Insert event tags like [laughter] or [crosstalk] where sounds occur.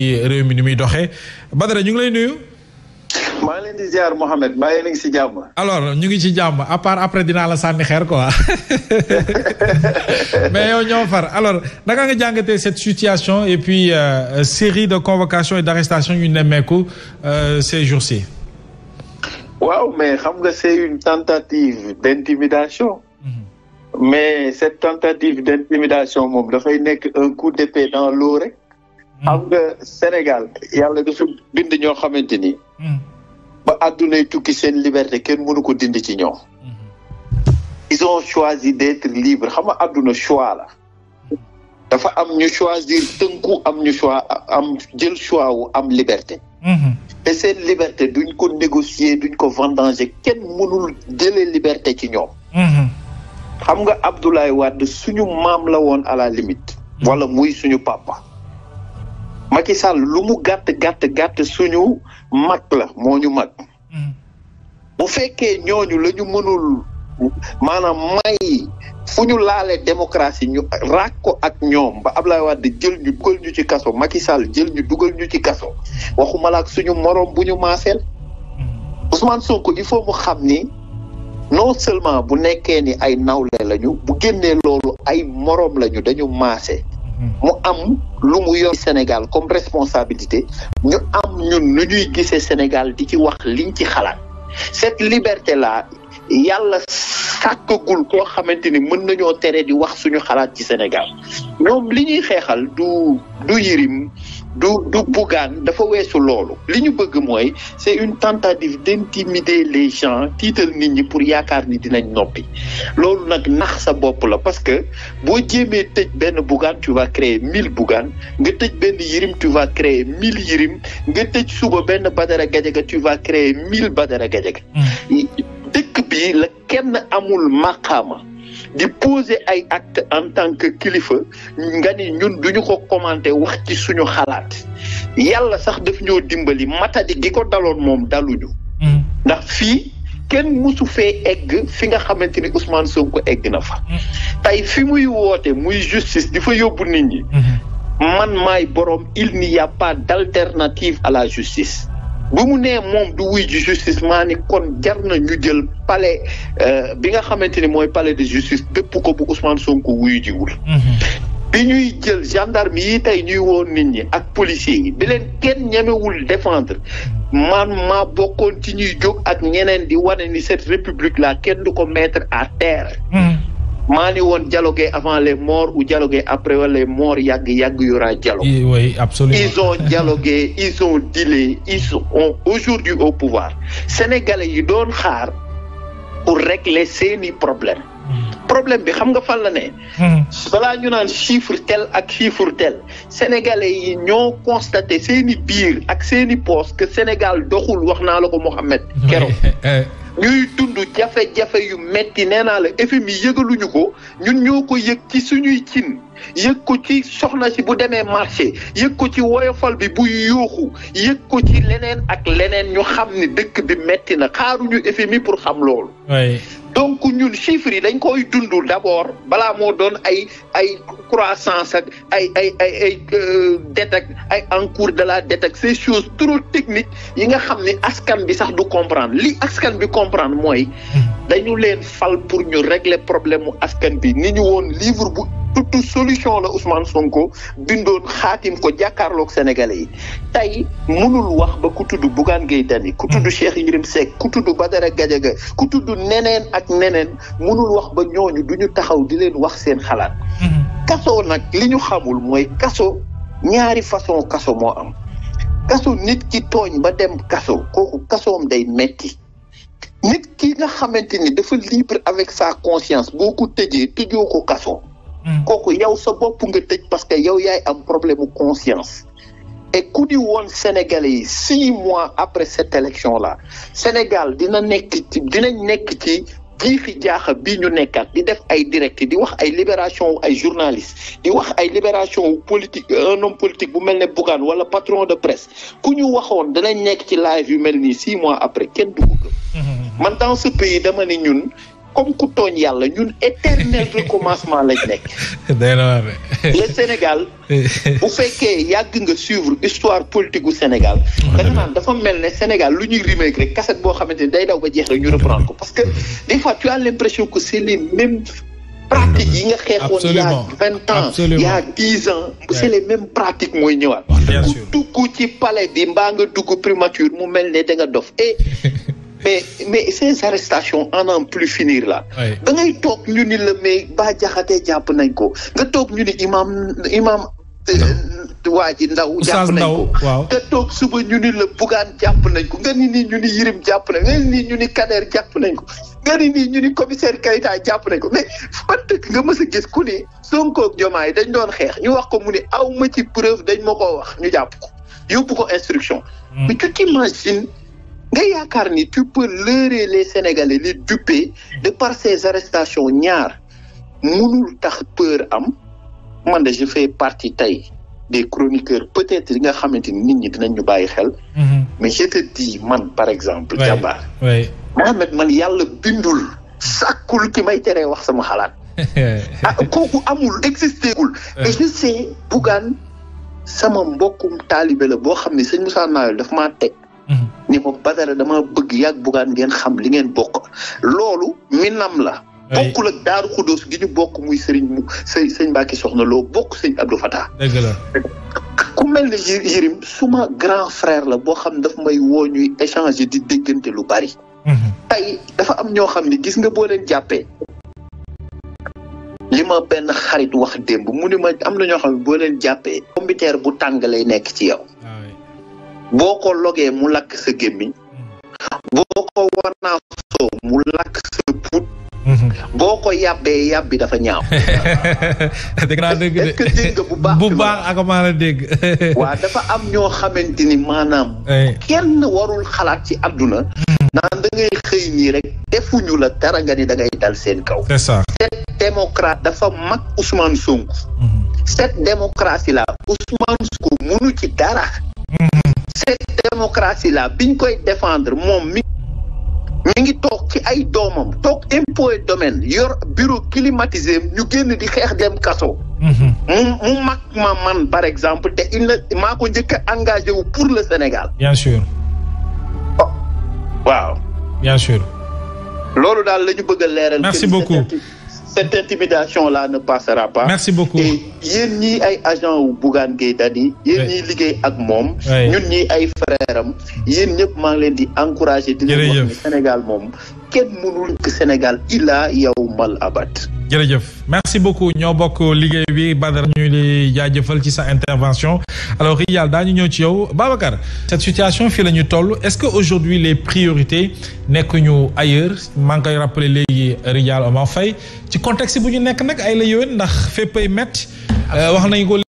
réew mi ni muy doxee Badara ñu ngi lay nuyu. maa ngi leen di ziar Mohamed je suis ngi si jàmm. alors ñu ngi ci jàmm à part après dinaa la sànni xeer quoi [laughs] mais yow ñoo far alors naka nga vu cette situation et puis euh, série de convocations et d'arrestations ñu nemmeeku euh, ces jours-ci. waaw mais xam nga c'est une tentative d'intimidation. Mm-hmm. mais cette tentative d'intimidation moom dafay nekk un coup d'épée dans l'eau Mm. Amge Seregal, yale de sou binde nyon khametini ba adoune tou ki sen liberte ken mounou kou dinde kinyon mm-hmm. izon chwazi dete libre kama adoune chwa la defa am nyo chwazi tenkou am nyo chwa am jel chwa ou am liberte mm-hmm. se sen liberte doun kou negosye doun kou vendanje ken mounou dele liberte kinyon mm-hmm. amge Abdoulaye Wad sounyou mam lawan ala limit wala mouy sounyou papa Macky Sall lu mu gàtt gàtt gàtt suñu mag la moo ñu mag. Hmm. bu fekkee ñooñu la ñu mënul maanaam may fu ñu laalee démocratie ñu raak ko ak ñoom ba Ablaye Wade jël ñu dugal ñu ci kaso Macky Sall jël ñu dugal ñu ci kaso waxumala ak suñu moroom bu ñu maaseel. Hmm. Ousmane Sonko il faut mu xam ni non seulement bu nekkee ni ay nawle lañu bu génnee loolu ay moroom lañu dañu maase. mu am lu mu yor Sénégal comme responsabilité ñu am ñun nu ñuy gisee Sénégal di ci wax liñ ci xalaat cette liberté là yàlla sàkkagul koo xamante ni mën nañoo tere di wax suñu xalaat ci Sénégal ñoom li ñuy xeexal du du yirim du du bougan dafa weesu lolu li ñu bëgg moy c'est une tentative d'intimider les gens tiital nit ñi pour yaakaar ni dinañ noppi lolu nak nax sa bop la parce que bo jéemee tej ben bougan tu vas créer mille bougan, nga tej ben yirim tu vas créer mille yirim nga tej suba ben Badara Gadiaga tu vas créer mille Badara Gadiaga hmm. dëkk bi la kenn amul maqama di acte en tant que kilifa nga ñun ko commenter wax ci suñu xalaat yalla sax daf ñoo dimbali faire. di ko daloon daluñu hmm. ndax egg fi nga Ousmane Sonko fa justice man borom il n'y a pas d'alternative à la justice bu mu nee moom du wuy ji justice maa ni kon jar na ñu jël palais euh, bi nga xamante ni mooy palais de justice dëpp ko bu Ousmane Sonko wuy jiwul mhm. bi ñuy jël gendarme yi tey ñuy woon nit ñi ak policiers yi bi leen kenn ñemewul défendre man maa bokkoon ci ñuy jóg ak ñeneen di wane ni cette république là kenn du ko mettre à terre. Mhm. Mani ont dialogué avant les morts ou dialogué après les morts il yag y aura dialogue. ils ont dialogué ils ont dit ils sont aujourd'hui au pouvoir sénégalais yi donnent xaar pour régler ces problèmes hmm. problème bi xam nga fan la ne. Hmm. bala ñu naan chiffre tel ak chiffre tel sénégalais yi ñoo constaté seeni biir ak seeni poste que Sénégal doxul wax naa Mohamed [laughs] ñuy dund jafe-jafe yu metti nee naa la FMI yëgaluñu ko ñun ñoo ko yëg ci suñuy cin yëg ko ci soxna si bu demee marché yëg ko ci woyofal bi bu yuuxu yëg ko ci leneen ak leneen ñu xam ni dëkk bi metti na xaaruñu FMI pour xam loolu. donc ñun chiffres yi dañ koy dundul d'abord balaa moo doon ay ay croissance ak ay ay ay ay euh, dette ak ay encours de la dette ak ces choses techniques yi nga xam ni askan bi sax du comprendre li askan bi comprendre mooy hmm. dañu leen fal pour ñu régler problème mu askan bi ni ñu woon livre bu tudd solution la Ousmane Sonko bindoon xaatim ko jàkkaarlook Sénégalais yi tey mënul wax ba ku tudd Bougane Gueye Dany ku tudd Cheikh Yérim Seck ku tudd Badara Gadiaga ku tudd neneen ak neneen mënul wax ba ñooñu du ñu taxaw di leen wax seen xalaat. Mhm. kaso nag li ñu xamul mooy kaso ñaari façon kaso moo am kaso nit ki tooñ ba dem kaso kooku kasoom day metti nit ki nga xamanteni ni dafa libre avec sa conscience boo ko tëjee tëjoo ko kaso. Hmm. kooku yow sa bop nga tej parce que yow yaay am problème de conscience. et ku di woon Sénégalais 6 six mois après cette élection là Sénégal dina nekk ci dinañ nekk ci bii fi jaxa bi ñu nekkaat di def ay direct di wax ay libération ay journalistes di wax ay libération politique un homme politique bu mel ne Bougane wala patron de presse ku ñu waxoon danañ nekk ci live yu melni 6 six mois après kenn du ko Mhm. man dans ce pays dama ni ñun comme ku toñ yalla ñun éternel recommencement lañ nekk. [laughs] le Sénégal. [laughs] bu fekkee yàgg nga suivre histoire politique du Sénégal. da nga naan dafa mel Sénégal lu ñuy rimer rek cassette bo xamante day daw ba jeex rek ñu reprendre ko parce que des fois tu as l'impression que c'est les mêmes. pratiques yi nga xeexoon il y a 20 ans il y a 10 ans c'est les mêmes pratiques mooy ñëwaat ku dugg ci palais bi mba nga dugg primature mu mel da nga dof et [laughs] mais mais ces arrestations en en plus finir là. da ngay toog ñu le la mais ba jaxatee jàpp nañ ko nga toog ñu ni imam imaam. waa da u japp nañ ko te tok suba ñu ni la bugaan nañ ko nga ni ñu ni yirim japp nañ ko ni ñu ni nañ ko nga ni ñu ni commissaire Kayita japp nañ ko mais fan dëkk nga mës gis ku ni Sonko ak Diomaye dañ doon xex ñu wax ko mu ni aw ma ci preuve dañ mako wax ñu japp ko yóbbu ko instruction hmm. mais tu t'imagines nga yaakaar tu peux leurrer les Sénégalais les duper de par ces arrestations ñaar Mounoul tax peur am man de je fais partie tey des chroniqueurs peut-être nga xamante nit ñi dinañ ñu xel. Mhm. mais je te dis man par exemple. oui, Mohamed man yàlla bindul sakul ki may teree wax sama xalaat. [laughs] ah kooku amul existé gul. et je sais Bougan sama mbokkum taalibe la boo xam ne sëñ Moussa Nawel daf maa teg. Mhm. ni mo badara dama bëgg bu bugaan ngeen xam li ngeen bokk loolu minam la bokku la daaru xudóos gi ñu bokk muy serigne mu serigne sëñ soxna lo bokk serigne abdou fata dëgg la ku melni yirim suma grand frère la bo xam daf may wo ñuy échanger di déggante lu bari mhm. tay dafa am ño xam ni gis nga bo leen jappé lima ben xarit wax démb mu ni ma am na ño xam bo leen jàppee bu tang lay nekk ci yow ah. boo ko logee mu lakk sa gémmiñ boo ko wanaasoo mu lakk sa put boo ko yàbbee yàb bi dafa ñaaw [laughs] dégg bu baax [laughs] bu baax ak [laughs] waa dafa am ñoo xamante ni maanaam kenn warul xalaat ci àdduna hmm. naan da ngay xëy nii rek defuñu la dara nga ni da dal seen kaw c'est ça dafa mag Ousmane Sonko hmm. cette démocratie la Ousmane Sonko munu ci dara démocratie la biñ koy défendre mom mi mi ngi toog ci ay domam tok impôt domaine yor bureau climatisé ñu génn di xeex dem kaso mhm. mu mu mag ma man par exemple té il na maa ko njëkk engagé wu pour le Sénégal bien sûr oh, wow bien sûr lolu dal la bëgg léral merci beaucoup cette intimidation-là ne passera pas. Merci beaucoup. Et yéen ñii ay agent ou Bougane Gueye Dany yéen ñii liggéey ak mom ñun ñii ay frère yeen ñep ma ngi len di encourager. di leen Sénégal mom kenn mënul Sénégal il a yow mal abat jërëjëf merci beaucoup ñoo bokk liggéey bi badar ñu li jaajëfal ci sa intervention alors Riyal daañu ñëw ci yow Babacar cette situation fi la ñu toll est-ce que aujourd'hui les priorités ñu ailleurs maa ngi koy rappeler léegi Riyal Omar Fay? ci contexte bu ñu nekk nag ay la yowén ndax fépp ay métti euh, wax nañ ko